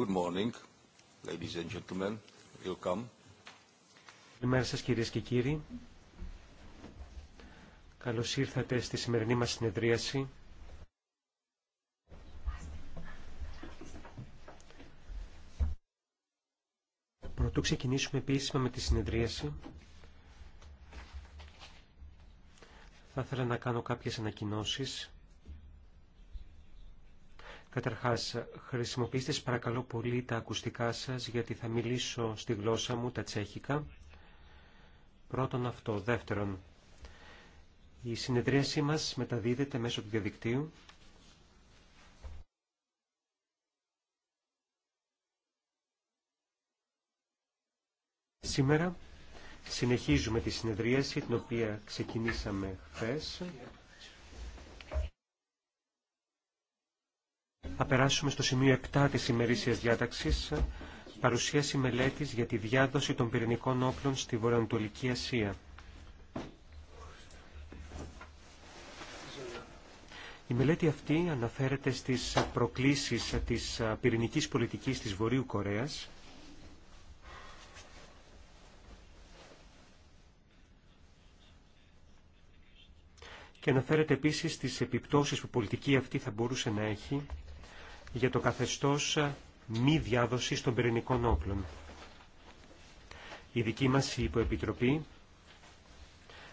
Good morning, Καλημέρα κυρίες και κύριοι. Καλώς ήρθατε στη σημερινή μας συνεδρίαση. Πρωτού ξεκινήσουμε επίσημα με τη συνεδρίαση, θα ήθελα να κάνω κάποιες ανακοινώσεις. Καταρχάς, χρησιμοποιήστε παρακαλώ πολύ τα ακουστικά σας, γιατί θα μιλήσω στη γλώσσα μου, τα τσέχικα. Πρώτον αυτό. Δεύτερον, η συνεδρίασή μας μεταδίδεται μέσω του διαδικτύου. Σήμερα συνεχίζουμε τη συνεδρίαση την οποία ξεκινήσαμε χθες. Θα περάσουμε στο σημείο 7 της ημερήσιας διάταξης, παρουσίαση μελέτης για τη διάδοση των πυρηνικών όπλων στη Βορειοανατολική Ασία. Η μελέτη αυτή αναφέρεται στις προκλήσεις της πυρηνικής πολιτικής της Βορείου Κορέας, και αναφέρεται επίσης στις επιπτώσεις που πολιτική αυτή θα μπορούσε να έχει για το καθεστώς μη διάδοση των πυρηνικών όπλων. Η δική μας υποεπιτροπή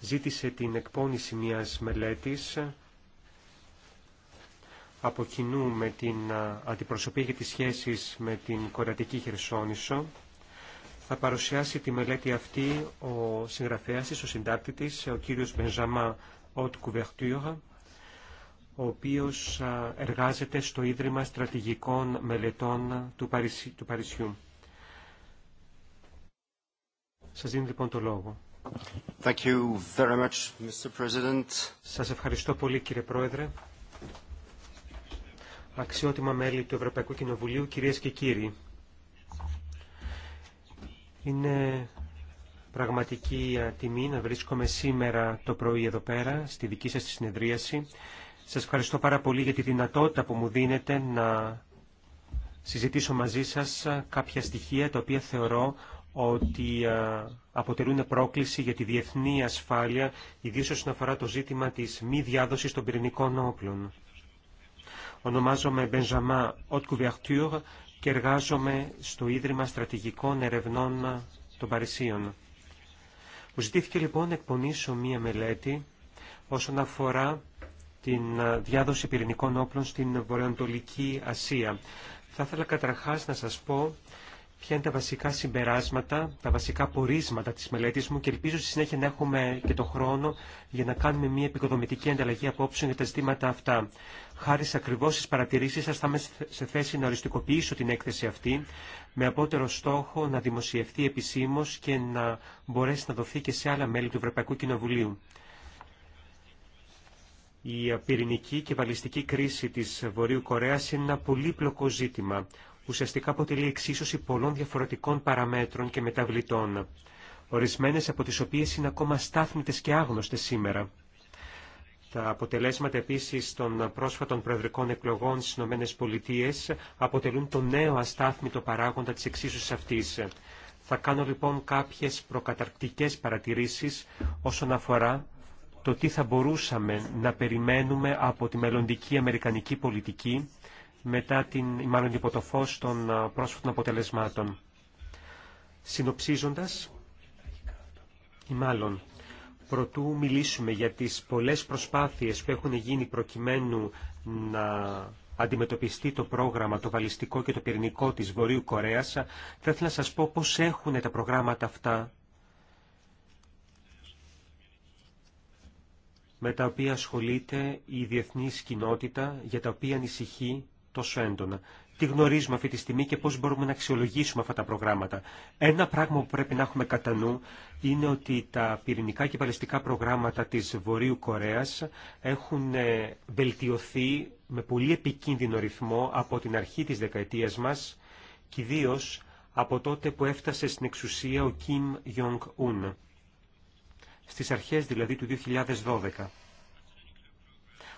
ζήτησε την εκπόνηση μιας μελέτης από κοινού με την αντιπροσωπή για τις σχέσεις με την Κορατική Χερσόνησο. Θα παρουσιάσει τη μελέτη αυτή ο συγγραφέας της, ο συντάκτη της, ο κύριος Μπενζαμά Ότ Κουβερτούρα, ο οποίος εργάζεται στο Ίδρυμα Στρατηγικών Μελετών του, Παρισιού. Σας δίνω λοιπόν το λόγο. Thank you very much, Mr. President. Σας ευχαριστώ πολύ κύριε Πρόεδρε. Αξιότιμα μέλη του Ευρωπαϊκού Κοινοβουλίου, κυρίες και κύριοι. Είναι πραγματική τιμή να βρίσκομαι σήμερα το πρωί εδώ πέρα, στη δική σας συνεδρίαση σας ευχαριστώ πάρα πολύ για τη δυνατότητα που μου δίνετε να συζητήσω μαζί σας κάποια στοιχεία τα οποία θεωρώ ότι αποτελούν πρόκληση για τη διεθνή ασφάλεια, ιδίως όσον αφορά το ζήτημα της μη διάδοσης των πυρηνικών όπλων. Ονομάζομαι Μπενζαμά Οτκουβιαχτούρ και εργάζομαι στο Ίδρυμα Στρατηγικών Ερευνών των Παρισίων. Μου ζητήθηκε λοιπόν να εκπονήσω μία μελέτη όσον αφορά την ε, διάδοση πυρηνικών όπλων στην Βορειοανατολική Ασία. Θα ήθελα καταρχάς να σας πω ποια είναι τα βασικά συμπεράσματα, τα βασικά πορίσματα της μελέτης μου και ελπίζω στη συνέχεια να έχουμε και το χρόνο για να κάνουμε μια επικοδομητική ανταλλαγή απόψεων για τα ζητήματα αυτά. Χάρη ακριβώς στις παρατηρήσεις σας θα είμαι σε θέση να οριστικοποιήσω την έκθεση αυτή με απότερο στόχο να δημοσιευτεί επισήμως και να μπορέσει να δοθεί και σε άλλα μέλη του Ευρωπαϊκού Κοινοβουλίου. Η πυρηνική και βαλιστική κρίση της Βορείου Κορέας είναι ένα πολύπλοκο ζήτημα. Ουσιαστικά αποτελεί εξίσωση πολλών διαφορετικών παραμέτρων και μεταβλητών, ορισμένες από τις οποίες είναι ακόμα στάθμητες και άγνωστες σήμερα. Τα αποτελέσματα επίσης των πρόσφατων προεδρικών εκλογών στις ΗΠΑ αποτελούν το νέο αστάθμητο παράγοντα της εξίσωσης αυτής. Θα κάνω λοιπόν κάποιες προκαταρκτικές παρατηρήσεις όσον αφορά το τι θα μπορούσαμε να περιμένουμε από τη μελλοντική αμερικανική πολιτική μετά την, μάλλον υπό των πρόσφατων αποτελεσμάτων. Συνοψίζοντας, ή μάλλον, προτού μιλήσουμε για τις πολλές προσπάθειες που έχουν γίνει προκειμένου να αντιμετωπιστεί το πρόγραμμα, το βαλιστικό και το πυρηνικό της Βορείου Κορέας, θα ήθελα να σας πω πώς έχουν τα προγράμματα αυτά με τα οποία ασχολείται η διεθνής κοινότητα, για τα οποία ανησυχεί τόσο έντονα. Τι γνωρίζουμε αυτή τη στιγμή και πώς μπορούμε να αξιολογήσουμε αυτά τα προγράμματα. Ένα πράγμα που πρέπει να έχουμε κατά νου είναι ότι τα πυρηνικά και παλαιστικά προγράμματα της Βορείου Κορέας έχουν ε, βελτιωθεί με πολύ επικίνδυνο ρυθμό από την αρχή της δεκαετίας μας και από τότε που έφτασε στην εξουσία ο Κιμ Ιονγκ Ουν στις αρχές δηλαδή του 2012.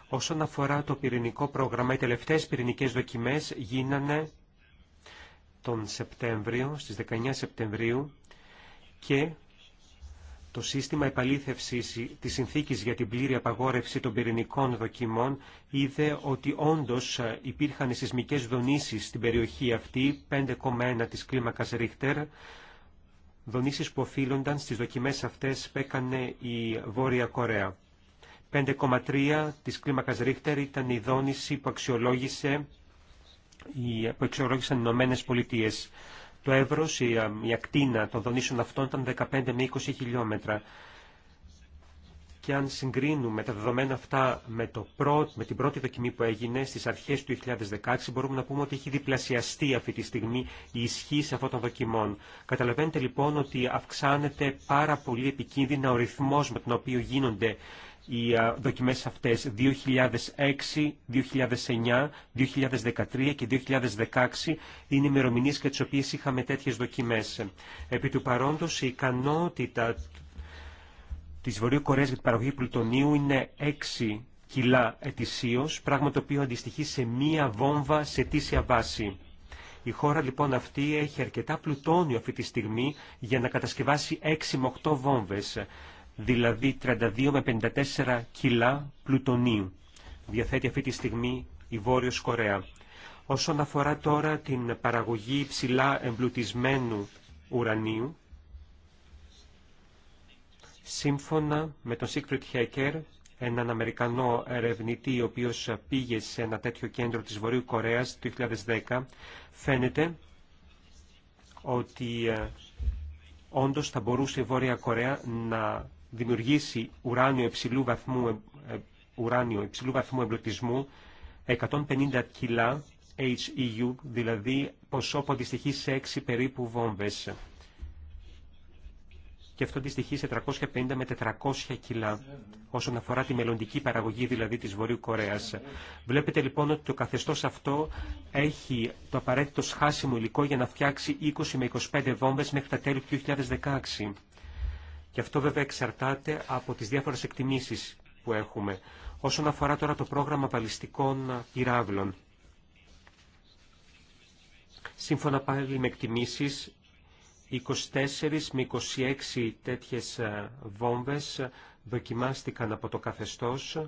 Όσον αφορά το πυρηνικό πρόγραμμα, οι τελευταίες πυρηνικές δοκιμές γίνανε τον Σεπτέμβριο, στις 19 Σεπτεμβρίου και το σύστημα επαλήθευσης της συνθήκης για την πλήρη απαγόρευση των πυρηνικών δοκιμών είδε ότι όντως υπήρχαν σεισμικές δονήσεις στην περιοχή αυτή, 5,1 της κλίμακας Ρίχτερ, δονήσεις που οφείλονταν στις δοκιμές αυτές που έκανε η Βόρεια Κορέα. 5,3 της κλίμακας Ρίχτερ ήταν η δόνηση που, αξιολόγησε, που αξιολόγησαν οι Ηνωμένε Πολιτείε. Το εύρος, η, η ακτίνα των δονήσεων αυτών ήταν 15 με 20 χιλιόμετρα και αν συγκρίνουμε τα δεδομένα αυτά με, το με την πρώτη δοκιμή που έγινε στις αρχές του 2016, μπορούμε να πούμε ότι έχει διπλασιαστεί αυτή τη στιγμή η ισχύ σε αυτών των δοκιμών. Καταλαβαίνετε λοιπόν ότι αυξάνεται πάρα πολύ επικίνδυνα ο ρυθμός με τον οποίο γίνονται οι δοκιμές αυτές 2006, 2009, 2013 και 2016 είναι ημερομηνίες και τις οποίες είχαμε τέτοιες δοκιμές. Επί του παρόντος η ικανότητα της Βορείου Κορέας για την παραγωγή πλουτονίου είναι 6 κιλά ετησίως, πράγμα το οποίο αντιστοιχεί σε μία βόμβα σε τήσια βάση. Η χώρα λοιπόν αυτή έχει αρκετά πλουτόνιο αυτή τη στιγμή για να κατασκευάσει 6 με 8 βόμβες, δηλαδή 32 με 54 κιλά πλουτονίου. Διαθέτει αυτή τη στιγμή η Βόρειος Κορέα. Όσον αφορά τώρα την παραγωγή ψηλά εμπλουτισμένου ουρανίου, Σύμφωνα με τον Σίκφριτ Χέκερ, έναν Αμερικανό ερευνητή ο οποίος πήγε σε ένα τέτοιο κέντρο της Βορείου Κορέας το 2010, φαίνεται ότι ε, όντως θα μπορούσε η Βόρεια Κορέα να δημιουργήσει ουράνιο υψηλού βαθμού, ε, ε, ουράνιο υψηλού βαθμού εμπλουτισμού 150 κιλά HEU, δηλαδή ποσό που αντιστοιχεί σε 6 περίπου βόμβες και αυτό αντιστοιχεί σε 350 με 400 κιλά όσον αφορά τη μελλοντική παραγωγή δηλαδή της Βορείου Κορέας. Βλέπετε λοιπόν ότι το καθεστώς αυτό έχει το απαραίτητο σχάσιμο υλικό για να φτιάξει 20 με 25 βόμβες μέχρι τα τέλη του 2016. Και αυτό βέβαια εξαρτάται από τις διάφορες εκτιμήσεις που έχουμε. Όσον αφορά τώρα το πρόγραμμα βαλιστικών πυράβλων. Σύμφωνα πάλι με εκτιμήσεις, 24 με 26 τέτοιες ε, βόμβες δοκιμάστηκαν από το καθεστώς,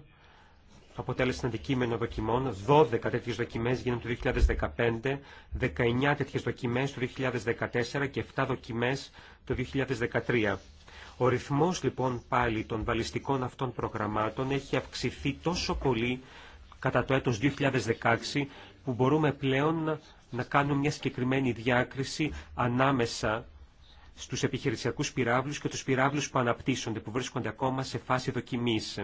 αποτέλεσαν αντικείμενο δοκιμών, 12 τέτοιες δοκιμές γίνονται το 2015, 19 τέτοιες δοκιμές το 2014 και 7 δοκιμές το 2013. Ο ρυθμός λοιπόν πάλι των βαλιστικών αυτών προγραμμάτων έχει αυξηθεί τόσο πολύ κατά το έτος 2016 που μπορούμε πλέον να κάνουν μια συγκεκριμένη διάκριση ανάμεσα στους επιχειρησιακούς πυράβλους και του πυράβλους που αναπτύσσονται, που βρίσκονται ακόμα σε φάση δοκιμής.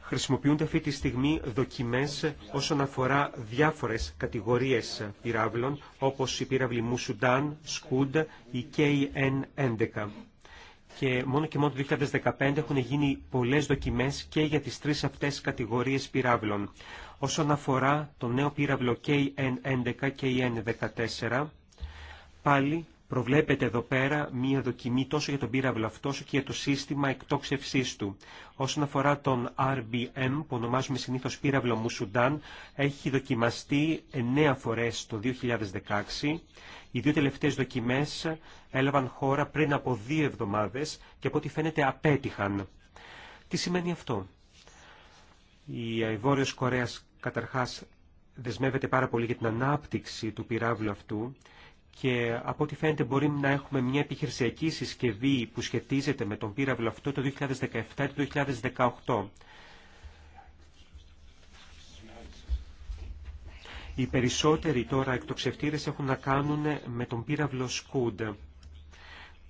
Χρησιμοποιούνται αυτή τη στιγμή δοκιμές όσον αφορά διάφορες κατηγορίες πυράβλων, όπως η πυράβλη μουσουνταν Μουσουντάν, Σκούντ ή KN11. Και μόνο και μόνο το 2015 έχουν γίνει πολλές δοκιμές και για τις τρεις αυτές κατηγορίες πυράβλων όσον αφορά το νέο πύραυλο KN11 και KN14. Πάλι προβλέπεται εδώ πέρα μία δοκιμή τόσο για τον πύραυλο αυτό όσο και για το σύστημα εκτόξευσής του. Όσον αφορά τον RBM που ονομάζουμε συνήθως πύραυλο Μουσουντάν έχει δοκιμαστεί 9 φορές το 2016. Οι δύο τελευταίες δοκιμές έλαβαν χώρα πριν από δύο εβδομάδες και από ό,τι φαίνεται απέτυχαν. Τι σημαίνει αυτό. Η Βόρειος Κορέας Καταρχάς, δεσμεύεται πάρα πολύ για την ανάπτυξη του πυράβλου αυτού και από ό,τι φαίνεται μπορεί να έχουμε μια επιχειρησιακή συσκευή που σχετίζεται με τον πύραυλο αυτό το 2017 ή το 2018. Οι περισσότεροι τώρα εκτοξευτήρες έχουν να κάνουν με τον πύραυλο Σκούντ.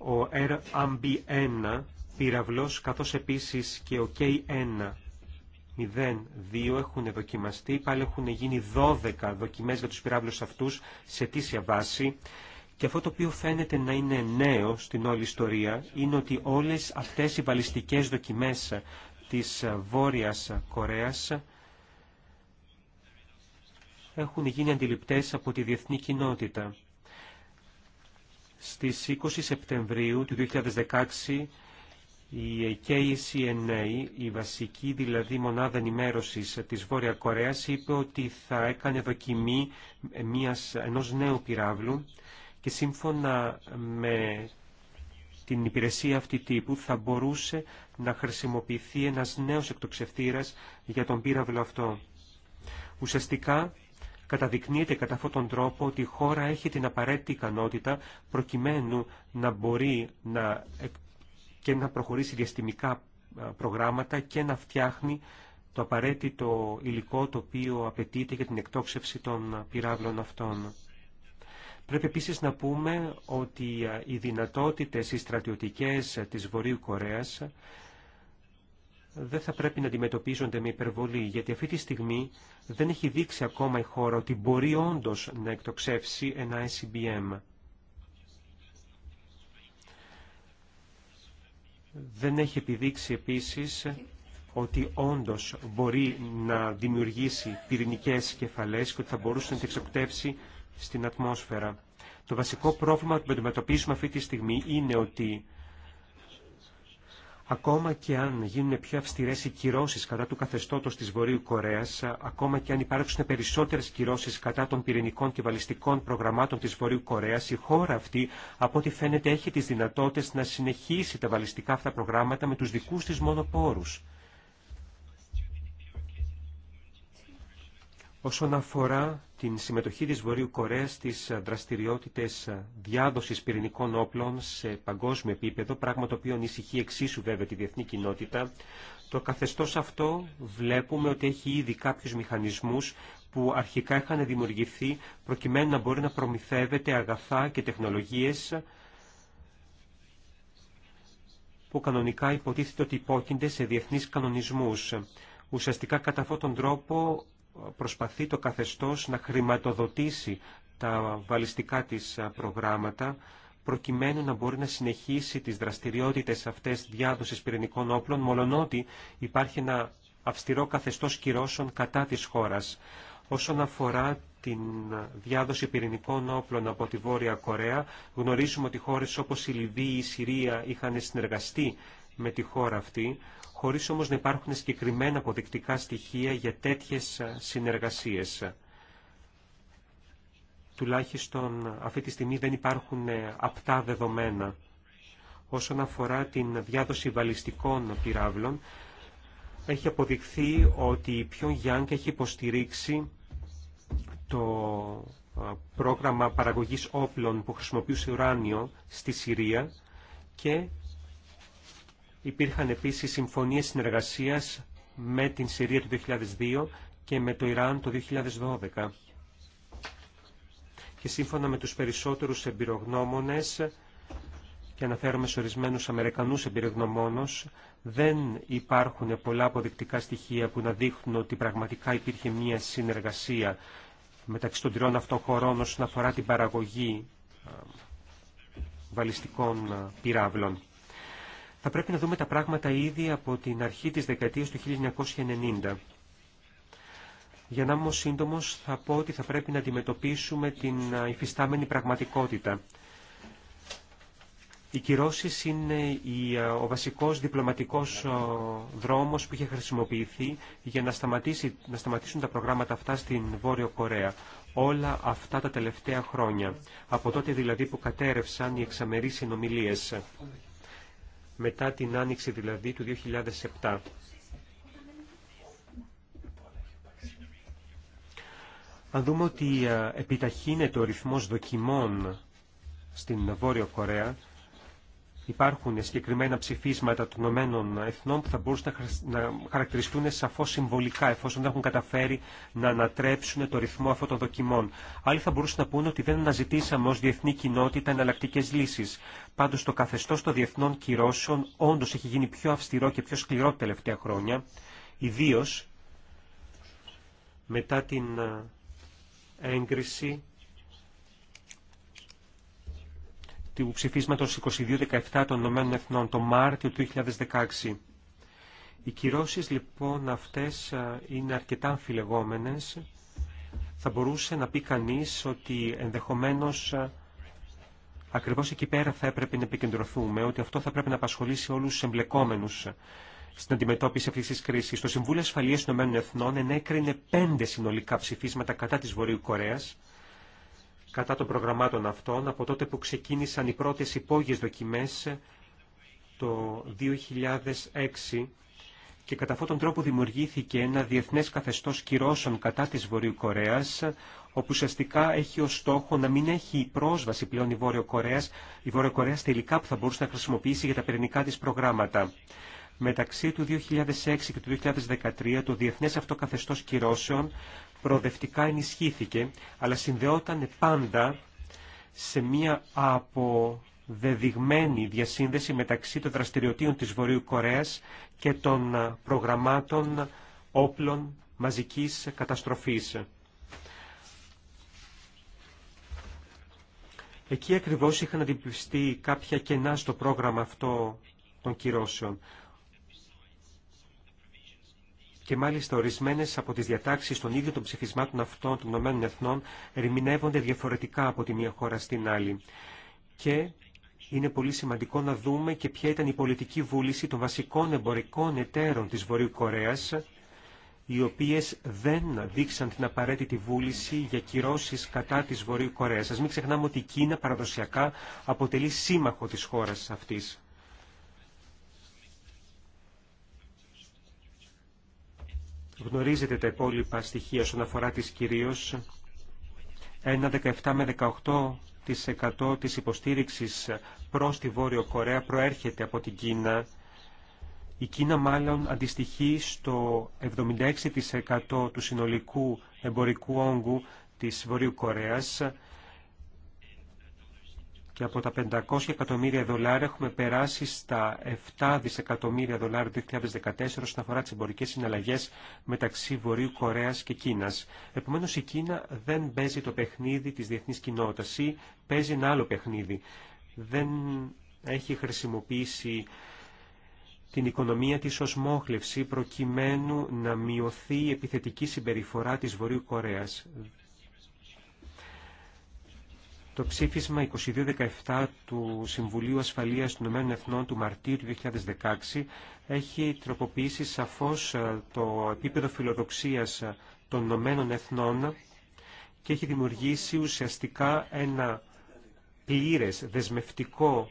Ο RMB1 πύραυλος, καθώς επίσης και ο K1 02 έχουν δοκιμαστεί, πάλι έχουν γίνει 12 δοκιμές για τους πυράβλους αυτούς σε τίσια βάση. Και αυτό το οποίο φαίνεται να είναι νέο στην όλη ιστορία είναι ότι όλες αυτές οι βαλιστικές δοκιμές της Βόρειας Κορέας έχουν γίνει αντιληπτές από τη διεθνή κοινότητα. Στις 20 Σεπτεμβρίου του 2016 η KCNA, η βασική δηλαδή μονάδα ενημέρωσης της Βόρεια Κορέας, είπε ότι θα έκανε δοκιμή μιας, ενός νέου πυράβλου και σύμφωνα με την υπηρεσία αυτή τύπου θα μπορούσε να χρησιμοποιηθεί ένας νέος εκτοξευτήρας για τον πύραβλο αυτό. Ουσιαστικά καταδεικνύεται κατά αυτόν τον τρόπο ότι η χώρα έχει την απαραίτητη ικανότητα προκειμένου να μπορεί να και να προχωρήσει διαστημικά προγράμματα και να φτιάχνει το απαραίτητο υλικό το οποίο απαιτείται για την εκτόξευση των πυράβλων αυτών. Πρέπει επίσης να πούμε ότι οι δυνατότητες οι στρατιωτικές της Βορείου Κορέας δεν θα πρέπει να αντιμετωπίζονται με υπερβολή, γιατί αυτή τη στιγμή δεν έχει δείξει ακόμα η χώρα ότι μπορεί όντως να εκτοξεύσει ένα ICBM. δεν έχει επιδείξει επίσης ότι όντως μπορεί να δημιουργήσει πυρηνικές κεφαλές και ότι θα μπορούσε να τις εξοπτεύσει στην ατμόσφαιρα. Το βασικό πρόβλημα που αντιμετωπίζουμε αυτή τη στιγμή είναι ότι Ακόμα και αν γίνουν πιο αυστηρέ οι κυρώσει κατά του καθεστώτο τη Βορείου Κορέα, ακόμα και αν υπάρξουν περισσότερε κυρώσει κατά των πυρηνικών και βαλιστικών προγραμμάτων τη Βορείου Κορέα, η χώρα αυτή, από ό,τι φαίνεται, έχει τι δυνατότητε να συνεχίσει τα βαλιστικά αυτά προγράμματα με του δικού τη μονοπόρου. Όσον αφορά την συμμετοχή της Βορείου Κορέας στις δραστηριότητες διάδοσης πυρηνικών όπλων σε παγκόσμιο επίπεδο, πράγμα το οποίο ανησυχεί εξίσου βέβαια τη διεθνή κοινότητα, το καθεστώς αυτό βλέπουμε ότι έχει ήδη κάποιους μηχανισμούς που αρχικά είχαν δημιουργηθεί προκειμένου να μπορεί να προμηθεύεται αγαθά και τεχνολογίες που κανονικά υποτίθεται ότι υπόκεινται σε διεθνείς κανονισμούς. Ουσιαστικά κατά αυτόν τον τρόπο προσπαθεί το καθεστώς να χρηματοδοτήσει τα βαλιστικά της προγράμματα προκειμένου να μπορεί να συνεχίσει τις δραστηριότητες αυτές διάδοσης πυρηνικών όπλων, μολονότι υπάρχει ένα αυστηρό καθεστώς κυρώσεων κατά της χώρας. Όσον αφορά την διάδοση πυρηνικών όπλων από τη Βόρεια Κορέα, γνωρίζουμε ότι χώρες όπως η Λιβύη ή η Συρία είχαν συνεργαστεί με τη χώρα αυτή χωρίς όμως να υπάρχουν συγκεκριμένα αποδεικτικά στοιχεία για τέτοιες συνεργασίες. Τουλάχιστον αυτή τη στιγμή δεν υπάρχουν ε, απτά δεδομένα. Όσον αφορά την διάδοση βαλιστικών πυράβλων, έχει αποδειχθεί ότι η Πιον Γιάνκ έχει υποστηρίξει το πρόγραμμα παραγωγής όπλων που χρησιμοποιούσε ουράνιο στη Συρία και Υπήρχαν επίσης συμφωνίες συνεργασίας με την Συρία το 2002 και με το Ιράν το 2012. Και σύμφωνα με τους περισσότερους εμπειρογνώμονες και αναφέρομαι σε ορισμένους Αμερικανούς εμπειρογνωμόνους, δεν υπάρχουν πολλά αποδεικτικά στοιχεία που να δείχνουν ότι πραγματικά υπήρχε μια συνεργασία μεταξύ των τριών αυτών χωρών όσον αφορά την παραγωγή βαλιστικών πυράβλων θα πρέπει να δούμε τα πράγματα ήδη από την αρχή της δεκαετίας του 1990. Για να είμαι σύντομο, θα πω ότι θα πρέπει να αντιμετωπίσουμε την υφιστάμενη πραγματικότητα. Οι κυρώσεις είναι ο βασικός διπλωματικός δρόμος που είχε χρησιμοποιηθεί για να, σταματήσει, να σταματήσουν τα προγράμματα αυτά στην Βόρειο Κορέα όλα αυτά τα τελευταία χρόνια, από τότε δηλαδή που κατέρευσαν οι εξαμερείς συνομιλίες μετά την άνοιξη δηλαδή του 2007. Αν δούμε ότι ε, επιταχύνεται ο ρυθμός δοκιμών στην Βόρεια Κορέα, Υπάρχουν συγκεκριμένα ψηφίσματα των ΗΕ Εθνών που θα μπορούσαν να χαρακτηριστούν σαφώς συμβολικά εφόσον δεν έχουν καταφέρει να ανατρέψουν το ρυθμό αυτών των δοκιμών. Άλλοι θα μπορούσαν να πούνε ότι δεν αναζητήσαμε ως διεθνή κοινότητα εναλλακτικέ λύσεις. Πάντως το καθεστώς των διεθνών κυρώσεων όντως έχει γίνει πιο αυστηρό και πιο σκληρό τελευταία χρόνια, ιδίω μετά την ε, έγκριση του ψηφίσματος 2217 των Ηνωμένων Εθνών το Μάρτιο του 2016. Οι κυρώσεις λοιπόν αυτές είναι αρκετά αμφιλεγόμενες. Θα μπορούσε να πει κανείς ότι ενδεχομένως ακριβώς εκεί πέρα θα έπρεπε να επικεντρωθούμε, ότι αυτό θα πρέπει να απασχολήσει όλους τους εμπλεκόμενους στην αντιμετώπιση αυτή τη κρίση. Το Συμβούλιο Ασφαλεία των Εθνών ενέκρινε πέντε συνολικά ψηφίσματα κατά τη Βορείου Κορέα κατά των προγραμμάτων αυτών από τότε που ξεκίνησαν οι πρώτες υπόγειες δοκιμές το 2006 και κατά αυτόν τον τρόπο δημιουργήθηκε ένα διεθνές καθεστώς κυρώσεων κατά της Βορείου Κορέας, όπου ουσιαστικά έχει ως στόχο να μην έχει πρόσβαση πλέον η Βόρειο Κορέας, η Βόρεια Κορέα τελικά που θα μπορούσε να χρησιμοποιήσει για τα πυρηνικά της προγράμματα. Μεταξύ του 2006 και του 2013 το διεθνές αυτό καθεστώς κυρώσεων προοδευτικά ενισχύθηκε, αλλά συνδεόταν πάντα σε μία αποδεδειγμένη διασύνδεση μεταξύ των δραστηριοτήτων της Βορείου Κορέας και των προγραμμάτων όπλων μαζικής καταστροφής. Εκεί ακριβώς είχαν αντιπιστεί κάποια κενά στο πρόγραμμα αυτό των κυρώσεων και μάλιστα ορισμένε από τι διατάξει των ίδιων των ψηφισμάτων αυτών των Ηνωμένων Εθνών ερμηνεύονται διαφορετικά από τη μία χώρα στην άλλη. Και είναι πολύ σημαντικό να δούμε και ποια ήταν η πολιτική βούληση των βασικών εμπορικών εταίρων της Βορείου Κορέας, οι οποίες δεν δείξαν την απαραίτητη βούληση για κυρώσεις κατά της Βορείου Κορέας. Ας μην ξεχνάμε ότι η Κίνα παραδοσιακά αποτελεί σύμμαχο της χώρας αυτής. Γνωρίζετε τα υπόλοιπα στοιχεία όσον αφορά τις κυρίως ένα 17 με 18% της υποστήριξης προς τη Βόρειο Κορέα προέρχεται από την Κίνα. Η Κίνα μάλλον αντιστοιχεί στο 76% του συνολικού εμπορικού όγκου της Βορείου Κορέας και από τα 500 εκατομμύρια δολάρια έχουμε περάσει στα 7 δισεκατομμύρια δολάρια του 2014 όσον αφορά τις εμπορικές συναλλαγές μεταξύ Βορείου Κορέας και Κίνας. Επομένως η Κίνα δεν παίζει το παιχνίδι της διεθνής κοινότητας ή παίζει ένα άλλο παιχνίδι. Δεν έχει χρησιμοποιήσει την οικονομία της ως μόχλευση προκειμένου να μειωθεί η επιθετική συμπεριφορά της Βορείου Κορέας το ψήφισμα 2217 του Συμβουλίου Ασφαλείας των Ηνωμένων Εθνών του Μαρτίου του 2016 έχει τροποποιήσει σαφώς ε, το επίπεδο φιλοδοξίας ε, των Ηνωμένων Εθνών και έχει δημιουργήσει ουσιαστικά ένα πλήρες δεσμευτικό